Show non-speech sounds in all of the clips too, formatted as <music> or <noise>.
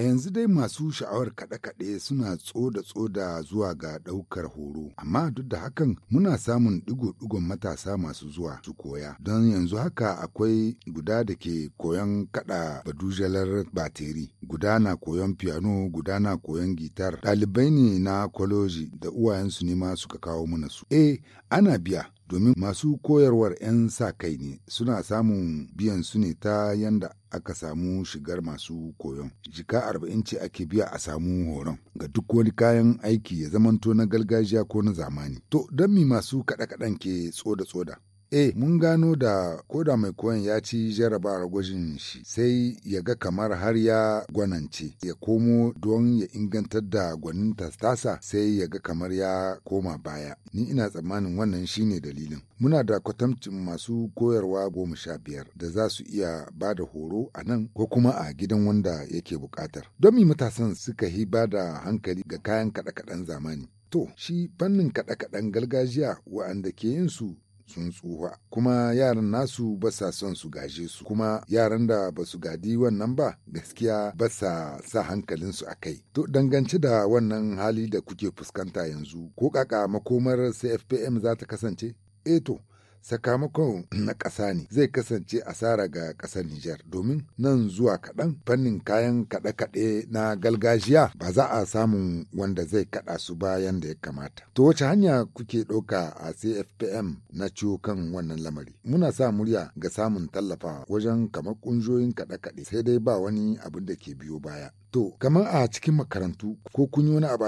yanzu dai masu sha'awar kaɗe-kaɗe suna tsoda-tsoda zuwa ga ɗaukar horo, amma duk da hakan muna samun ɗigo-ɗigon matasa masu zuwa su koya. Don yanzu haka akwai guda da ke koyon kaɗa badujalar bateri, guda na koyon piano, guda na koyon gitar. Ɗalibai ne na kwaloji da uwayensu ne ma suka kawo mana su. Eh, ana biya, domin masu koyarwar 'yan sa-kai ne suna samun biyan su ne ta yanda aka samu shigar masu koyon. Jika arba'in ce ake biya a samu horon ga duk wani kayan aiki ya zamanto na gargajiya ko na zamani. To, don mi masu kaɗa-kaɗan ke tsoda-tsoda. eh mun gano da koda mai koyan ya ci jarabawar gwajin shi sai ya ga kamar har ya gwanance ya komo don ya ingantar da gwanin tasa sai ya ga kamar ya koma baya ni ina tsammanin wannan shine dalilin muna da kwatamcin masu koyarwa goma sha biyar da za su iya ba da horo a nan ko kuma a gidan wanda yake bukatar don mi matasan suka hi ba da hankali ga kayan kaɗe-kaɗen zamani to shi fannin kaɗe-kaɗen gargajiya wa'anda ke yin su sun tsufa kuma yaran nasu ba sa son su gaje su kuma yaran da ba su gadi wannan ba gaskiya ba sa sa hankalinsu a kai to dangance da wannan hali da kuke fuskanta yanzu ko kaka makomar cfpm za ta kasance eto eh sakamakon <clears throat> na ƙasa ne zai kasance asara ga ƙasar Nijar domin nan zuwa kaɗan fannin kayan kaɗe-kaɗe na galgajiya ba za a samun wanda zai kaɗa su bayan da ya kamata. To wace hanya kuke ɗauka a CFPM na ciwo kan wannan lamari? Muna sa murya ga samun tallafawa wajen kamar ƙungiyoyin kaɗe-kaɗe sai dai ba wani abin da ke biyo baya. To, kamar a cikin makarantu ko kun yi wani abu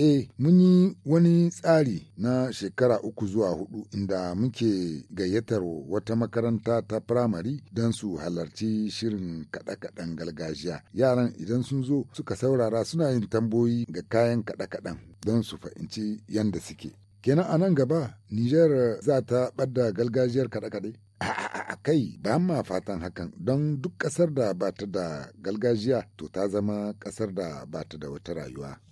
Eh, mun yi wani tsari na shekara uku zuwa hudu inda muke gayyatar wata makaranta ta firamare don su halarci shirin kaɗe-kaɗen gargajiya. Yaran idan sun zo suka saurara suna yin tamboyi ga kayan kaɗe-kaɗen don su fahimci yadda suke. Kenan a nan gaba, Nijar za ta ɓadda gargajiyar kaɗe-kaɗe? kai ba ma fatan hakan don duk ƙasar da ba ta da galgajiya to ta zama ƙasar da ba ta da wata rayuwa.